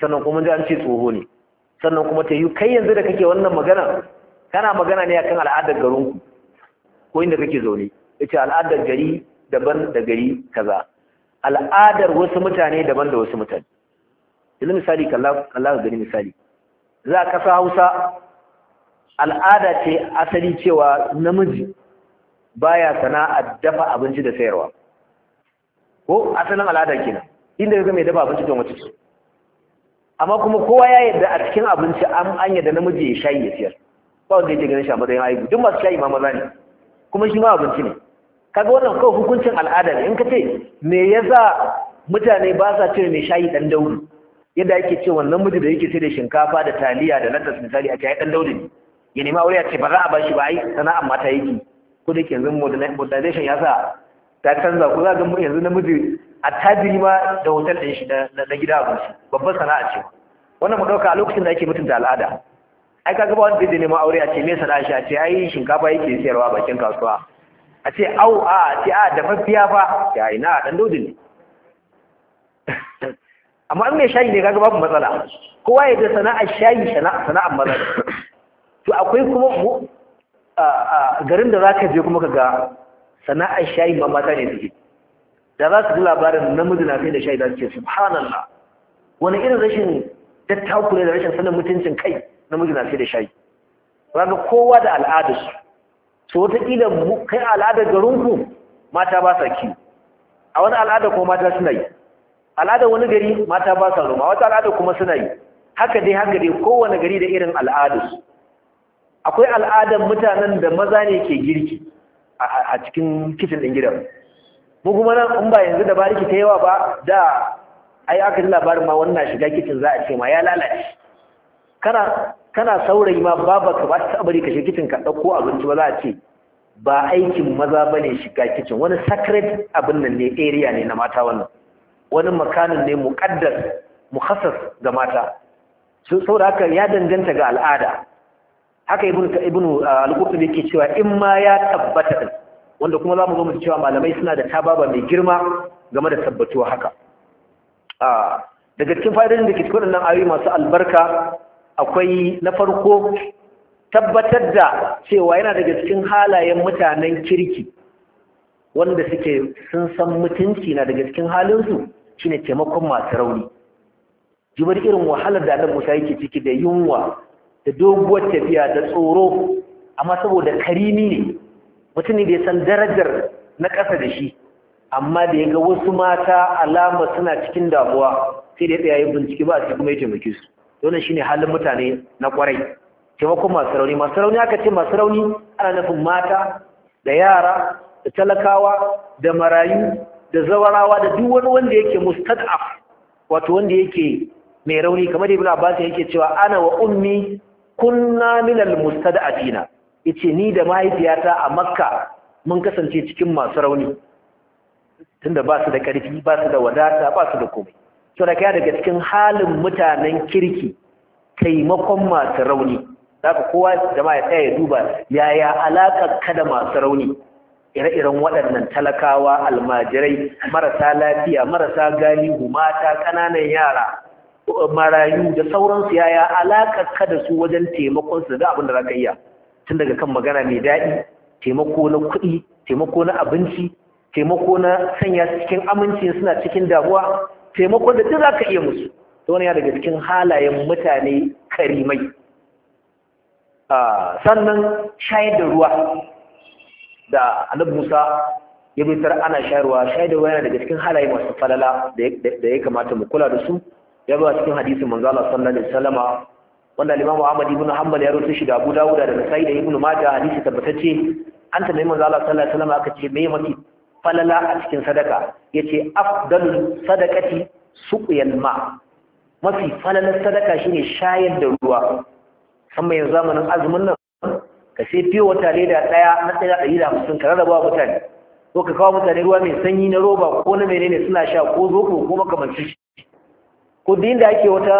sannan kuma ji an ce tsoho ne sannan kuma ta yi kai yanzu da kake wannan magana kana magana ne akan al'adar garinku ko inda kake zaune Ita al'adar gari daban da gari kaza al'adar wasu mutane daban da wasu mutane yanzu misali kalla ka gani misali za a kasa hausa al'ada ce asali cewa namiji baya sana'a dafa abinci da sayarwa ko asalin al'ada kenan inda kaga mai dafa abinci don wace amma kuma kowa ya yadda a cikin abinci an an yadda namiji ya shayi ya siyar ba wanda yake ganin shi a matsayin haihu duk masu shayi ma maza ne kuma shi ma abinci ne kaga wannan kawai hukuncin al'ada ne in ka ce me yasa mutane ba sa cire mai shayi dan dauri yadda ake ce wannan miji da yake sai da shinkafa da taliya da latas misali a ce ai dan dauri ne ya nemi aure ya ce ba za a bashi ba ai sana'ar mata yake ko da yanzu modernization ya sa ta canza ko za ga yanzu namiji a tajiri ma da hotel ɗin shi na gida shi babban sana'a ce wannan mu ɗauka a lokacin da ake mutunta al'ada ai kaga ba wanda zai neman aure a ce me sana'a shi a ce ai shinkafa yake sayarwa bakin kasuwa a ce au a ce a dafaffiya fa ya ina dan dodi ne amma an mai shayi ne kaga babu matsala kowa ya da sana'ar shayi sana'ar matsala to akwai kuma garin da za ka je kuma ga sana'ar shayi ma mata ne suke da za su ji labarin namiji na kai da shayi da suke subhanallah wani irin rashin tattakure da rashin sanin mutuncin kai namiji na kai da shayi ga kowa da al'adarsu to wataƙila kai al'adar garinku mata ba sa ki a wani al'ada kuma mata suna yi al'ada wani gari mata ba sa noma wata al'ada kuma suna yi haka dai haka dai kowane gari da irin al'adarsu akwai al'adar mutanen da maza ne ke girki a cikin kicin ɗin gidan mu kuma nan in ba yanzu da bariki ta yawa ba da ai aka ji labarin ma wannan shiga kicin za a ce ma ya lalace kana kana saurayi ma baba ka ba ta bari ka shiga kitchen ka dauko abinci ba za a ce ba aikin maza bane shiga kitchen wani sacred abin nan ne area ne na mata wannan wani makanin ne muqaddas mukhassas ga mata so saboda haka ya danganta ga al'ada haka ibnu ibnu uh, al-qurtubi yake cewa in ma ya tabbata wanda kuma zamu zo mu cewa malamai suna da tababa mai girma game da tabbatuwa haka ah, daga cikin fa'idodin da ke cikin wannan ayoyi masu albarka akwai na farko tabbatar da cewa yana daga cikin halayen mutanen kirki wanda suke sun san mutunci na daga cikin halinsu shine taimakon masu rauni jibar irin wahalar da annabi Musa yake ciki da yunwa da doguwar tafiya da tsoro amma saboda karimi ne mutum ne da ya san darajar na ƙasa da shi amma da ya ga wasu mata alama suna cikin damuwa sai da ya tsaya ya bincike ba a cikin kuma ya taimake su wannan shine halin mutane na kwarai taimakon masu rauni masu rauni aka ce masu rauni ana nufin mata da yara da talakawa da marayu da zawarawa da duk wani wanda yake mustad'af wato wanda yake mai rauni kamar ibn abbas yake cewa ana wa ummi kunna min almustad'afina yace ni da mahaifiyata a makka mun kasance cikin masu rauni tunda ba su da karfi ba su da wadata ba su da komai to da kai daga cikin halin mutanen kirki taimakon masu rauni Za ka kowa jama'a ya tsaya ya duba yaya ka da masu rauni ire-iren waɗannan talakawa almajirai marasa lafiya marasa galihu mata ƙananan yara marayu da sauransu yaya alaƙar ka da su wajen taimakon su da abin da ka iya tun daga kan magana mai daɗi taimako na kuɗi taimako na abinci taimako na sanya cikin aminci suna cikin damuwa taimakon da duk za ka iya musu ta wani ya daga cikin halayen mutane karimai sannan shayar da ruwa da annabi musa ya bitar ana shayarwa shayar da ruwa yana daga cikin halaye masu falala da ya kamata mu kula da su ya zuwa cikin hadisin manzo Allah sallallahu alaihi wasallama wanda Limamu imam Ahmad ibn Hanbal ya rawaito shi da Abu Dawud da Nasa'i da Ibn Majah hadisi tabbatacce an tambayi manzo Allah sallallahu alaihi wasallama aka ce me mafi falala a cikin sadaka ya ce afdalul Sadakati suqyal ma mafi falalar sadaka shine shayar da ruwa sama yanzu zamanin azumin nan ka sai fiye wata leda ɗaya na tsaya ɗari da hamsin ka rarraba mutane ko ka kawo mutane ruwa mai sanyi na roba ko na menene suna sha ko zoko ko makamancin shi ko da inda ake wata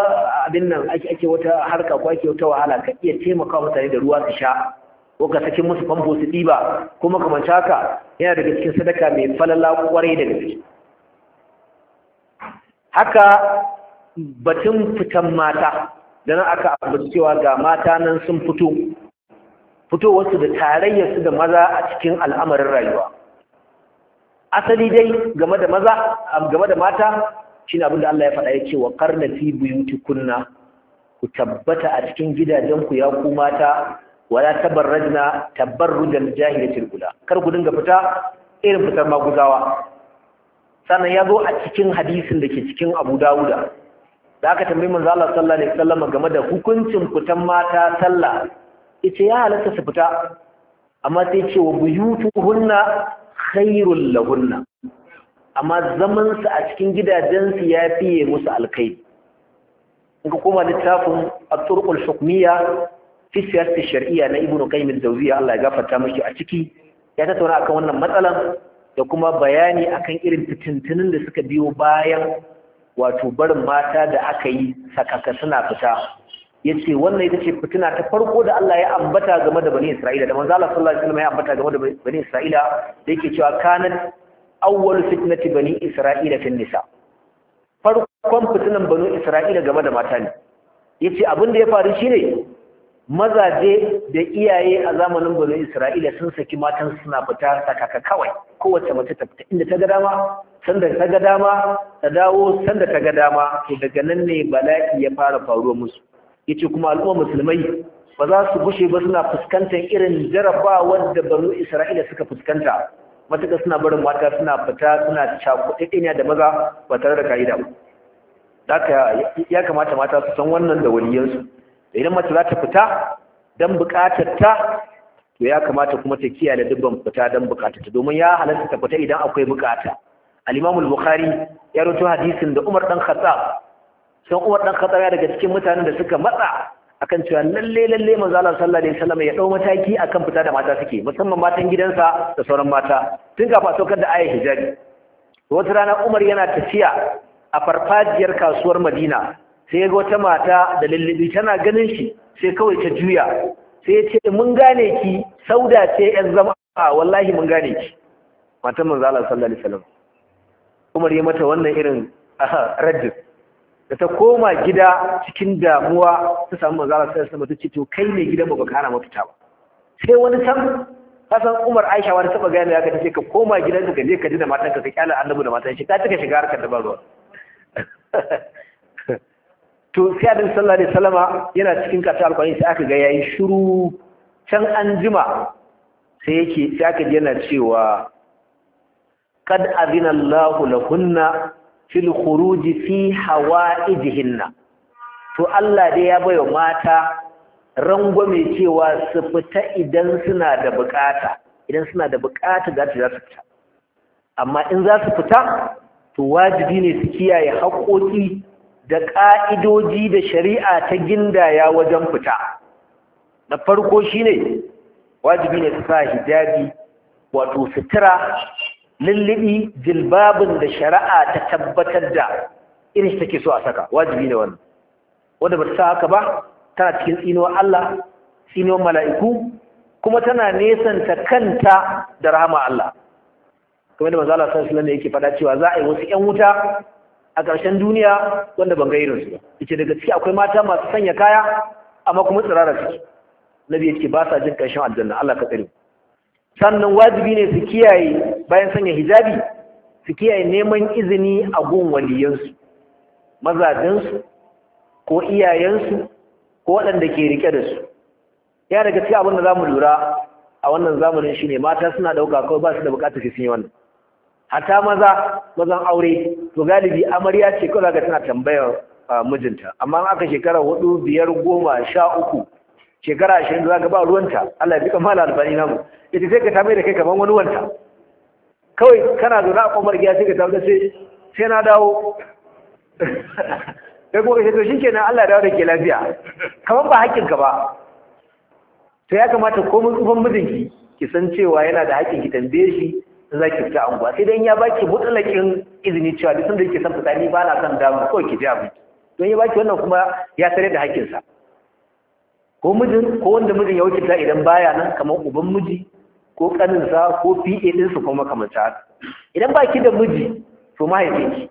abin nan ake wata harka ko ake wata wahala ka iya taimaka mutane da ruwa su sha ko ka saki musu famfo su ɗiba kuma kamar haka yana daga cikin sadaka mai falala kwarai da gaske haka batun fitan mata da dan aka abu cewa ga mata nan sun fito fitowarsu da tarayyarsu da maza a cikin al'amarin rayuwa asali dai game da maza game da mata shine abin da Allah ya faɗa ya ce wa karna fi buyutikunna ku tabbata a cikin gidajenku ya ku mata wala tabarrajna tabarrujan jahiliyatil ula kar ku dinga fita irin fitar maguzawa sannan ya zo a cikin hadisin da ke cikin Abu Dawuda da aka tambayi manzo Allah sallallahu alaihi wasallam game da hukuncin fitan mata sallah yace ya halatta su fita amma sai ce wa buyutuhunna khairul lahunna amma zaman su a cikin gidajen su ya fiye musu alkai in ka koma littafin at-turqul hukmiyya fi siyasar sharia na ibn qayyim al-jawziyya Allah ya gafarta mishi a ciki ya tattauna akan wannan matsalan da kuma bayani akan irin fitintunin da suka biyo bayan wato barin mata da aka yi sakaka suna fita yace wannan ita ce fitina ta farko da Allah ya ambata game da bani Isra'ila da manzo Allah sallallahu alaihi ya ambata game da bani Isra'ila da yake cewa kanat awwal fitnati bani Isra'ila nisa farkon fitinan bani Isra'ila game da mata ne yace abin da ya faru shine mazaje da iyaye a zamanin bani Isra'ila sun saki matan suna fita sakaka kawai kowace mace ta fita inda ta ga dama sanda ta ga dama ta dawo sanda ta ga dama to daga nan ne bala'i ya fara faruwa musu yace kuma al'umma musulmai ba za su gushe ba suna fuskantar irin jarabawar da bano Isra'ila suka fuskanta matuƙa suna barin mata suna fita suna cakuɗaɗɗiya da maza ba tare da ka'ida ba ya kamata mata su san wannan da waliyansu idan mace za ta fita don buƙatar ta to ya kamata kuma ta kiyaye dubban fita don buƙatar domin ya halatta ta fita idan akwai buƙata al-Imam al-Bukhari ya rawaito hadisin da Umar dan Khattab sai Umar dan Khattab ya daga cikin mutanen da suka matsa akan cewa lalle lalle manzo Allah sallallahu alaihi wasallam ya dau mataki akan fita da mata suke musamman matan gidansa da sauran mata tun kafa saukar da ayat hijabi wata rana Umar yana tafiya a farfajiyar kasuwar Madina sai ya ga wata mata da lullubi tana ganin shi sai kawai ta juya sai ya ce mun gane ki sauda ce yan zama wallahi mun gane ki matan manzo Allah sallallahu alaihi wasallam Umar ya mata wannan irin raddin da ta koma gida cikin damuwa ta samu manzo Allah sallallahu alaihi wasallam ta ce to kai ne gidan ba ka mafita ba sai wani san Hassan Umar Aisha wani taba gane ya kace ka koma gidan ka je ka ji da matanka ka kyalar annabi da matan shi ka tuka shiga harkar da ba ruwa to sai annabi sallallahu alaihi wasallama yana cikin kata alƙawarin sai aka ga yayi shiru can an jima sai yake sai aka ji yana cewa kad azina Allahu lahunna fil khuruj fi hawaijihinna to Allah dai ya bayo mata rangwame cewa su fita idan suna da bukata idan suna da bukata za su fita amma in za su fita to wajibi ne su kiyaye haƙoƙi da ƙa'idoji da shari'a ta gindaya wajen fita na farko shi ne wajibi ne su sa hijabi wato sutura lullubi jilbabin da shari'a ta tabbatar da irin take so a saka wajibi ne wannan wanda ba ta sa haka ba tana cikin tsinuwar Allah tsinuwar mala'iku kuma tana nesanta kanta da rahama Allah kamar da maza Allah sun yake faɗa cewa za a yi wasu 'yan wuta a ƙarshen duniya wanda ban ga su ba yace daga ciki akwai mata masu sanya kaya amma kuma tsirara suke nabi yace ba sa jin ƙarshen aljanna Allah ka tsare sannan wajibi ne su kiyaye bayan sanya hijabi su kiyaye neman izini a gun waliyansu mazajensu ko iyayensu ko waɗanda ke rike da su ya daga ciki abin da za mu lura a wannan zamanin shine mata suna ɗauka kawai ba su da buƙatar su yi wannan hata maza mazan aure to galibi amarya ce kawai ga tana tambayar mijinta amma aka shekara hudu biyar goma sha uku shekara ashirin da ka ba ruwanta Allah ya bi kamala na mu ita sai ka tambaye da kai kaman wani wanta kawai kana zaune a kwamar gida sai ka tambaye sai sai na dawo sai kuma kace to kenan Allah ya dawo da ke lafiya kaman ba haƙƙinka ba to ya kamata ko mun tsufan mijinki ki san cewa yana da haƙƙin ki tambaye shi za ki fita anguwa sai dai ya baki mutsalakin izini cewa duk sanda yake son fita ni ba na son damu kawai ki ji abin don ya baki wannan kuma ya tare da sa ko mijin ko wanda mijin ya wakita idan baya nan kamar uban miji ko kaninsa ko PA su kuma kamar ta idan baki da miji to mahaifinki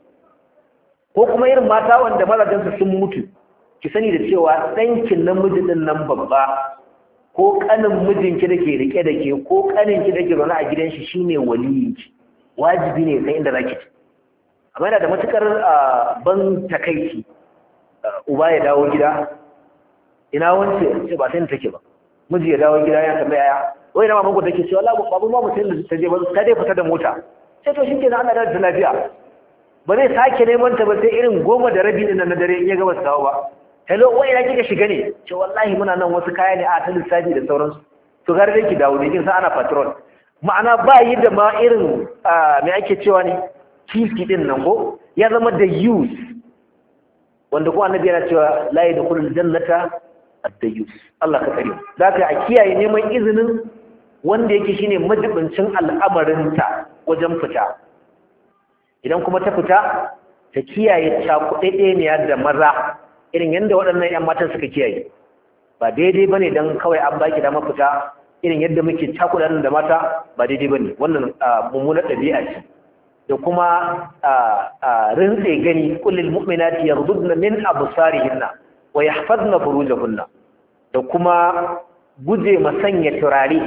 ko kuma irin mata wanda su sun mutu ki sani da cewa ɗankin namiji din nan babba ko kanin mijinki da ke rike da ke ko kanin ki da ke zaune a gidan shi shine waliyinki wajibi ne sai inda zaki ci amma yana da matukar ban takaici uba ya dawo gida ina wance ce ba sai take ba miji ya dawo gida ya tambaya ya wai na mamanku take cewa Allah babu ba mutum da ta je ba ta dai fita da mota sai to shi kenan Allah da lafiya ba zai sake neman ta ba sai irin goma da rabi din na dare in ya gaba su dawo ba hello wai ina kika shiga ne ce wallahi muna nan wasu kaya ne a ta lissafi da sauransu to gari dai ki dawo ne kin ana patrol ma'ana ba yi da ma irin mai ake cewa ne kiski din nan ko ya zama da use wanda ko annabi yana cewa layi da yadkhulul jannata da use. Allah ka tsare da ka a kiyaye neman izinin wanda yake shine majibincin al'amarinta wajen fita idan kuma ta fita ta kiyaye ta kuɗaɗe ne da maza irin yadda waɗannan 'yan matan suka kiyaye ba daidai ba ne don kawai an baki da mafita irin yadda muke cakudan da mata ba daidai ba ne wannan mummunar ɗabi'a ce da kuma rintse gani kullil mu'minati na min na, wa yahfazna furujahunna da kuma guje ma sanya turare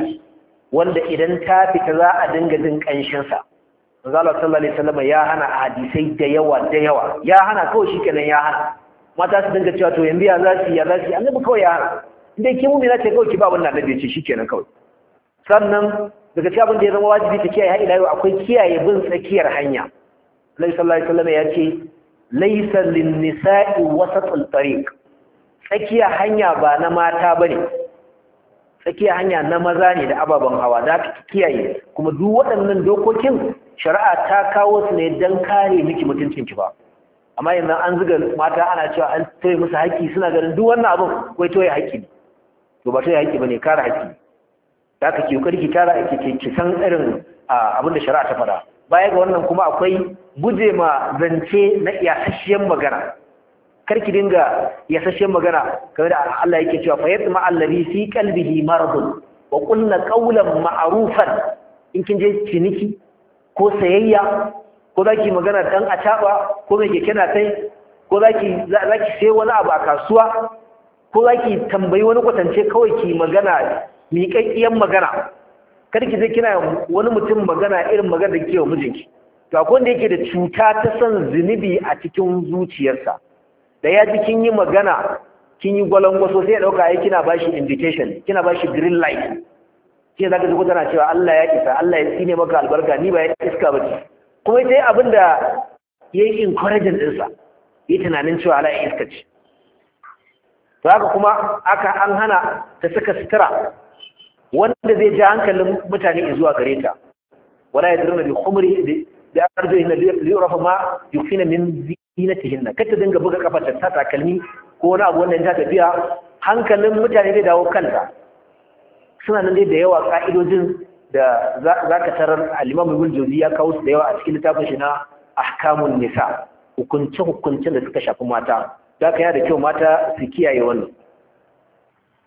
wanda idan ta fita za a dinga jin kanshin sa manzo ya hana hadisai da yawa da yawa ya hana kawai kenan ya hana mata su dinga cewa to yanzu ya za su ya za su annabi kawai ya hana inda ke mumina ce kawai ki ba abin da annabi ya ce shikenan kawai sannan daga cikin abin da ya zama wajibi ta kiyaye ila yau akwai kiyaye bin tsakiyar hanya Allah sallallahu alaihi wasallam ya ce laysa lin-nisa'i wasatul tariq tsakiya hanya ba na mata bane tsakiya hanya na maza ne da ababen hawa da ka kiyaye kuma duk waɗannan dokokin shari'a ta kawo su ne don kare miki mutuncin ki ba amma yanzu an zuga mata ana cewa an toye musu haƙƙi suna ganin duk wannan abin wai toye haƙƙi ne to ba toye haƙƙi bane kare haƙƙi da ka ke kokari ki ke ki san irin abin da shari'a ta faɗa baya ga wannan kuma akwai guje ma zance na yasasshiyar magana kar ki dinga yasasshiyar magana kamar da Allah yake cewa fa yatma allazi fi qalbihi maradun wa qulna qawlan ma'rufan in kin je ciniki ko sayayya ko za ki magana dan a caɓa ko mai keke na kai ko za ki sai wani abu a kasuwa ko za ki tambayi wani kwatance kawai ki magana miƙaƙƙiyar magana kar ki zai kina wani mutum magana irin magana da ke mijinki to akwai wanda yake da cuta ta son zunubi a cikin zuciyarsa da ya ji kin yi magana kin yi gwalangwaso sai ya ɗauka ai kina ba shi kina ba shi green light shi ne za ka tana cewa Allah ya isa Allah ya tsine maka albarka ni ba ya iska ba ce kuma ita yi abin da ya yi encouraging ɗinsa yi tunanin cewa ala iska ce ta haka kuma aka an hana ta saka sutura wanda zai ja hankalin mutane zuwa gare ta wala na bi khumri da ya arjuhin li yurafa ma yukfina min zinatihin kata dinga buga kafa ta takalmi ko wani abu wannan ta tafiya hankalin mutane zai dawo kanta suna nan dai da yawa ka'idojin da za ka tarar alimamu ibn jozi ya kawo su da yawa a cikin littafin shi na ahkamun nisa hukunce hukuncen da suka shafi mata za ka yi da kyau mata su kiyaye wannan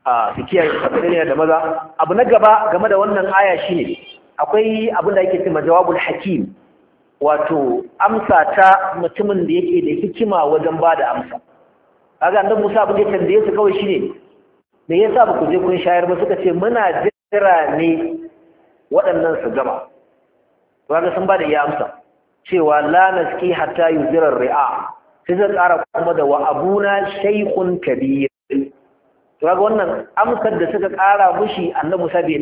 a su kiyaye da maza abu na gaba game da wannan aya shine akwai abin da yake cima jawabul hakim wato amsa ta mutumin da yake da hikima wajen ba da amsa kaga annabi Musa abin da ya tambaye su kawai shine me yasa ba ku je kun shayar ba suka ce muna jira ne waɗannan su gama ranar sun ba da iya amsa cewa la naski hatta zirar ri'a sai zai ƙara kuma da wa abuna shaykhun kabir to wannan amsar da suka ƙara mushi annabi sabi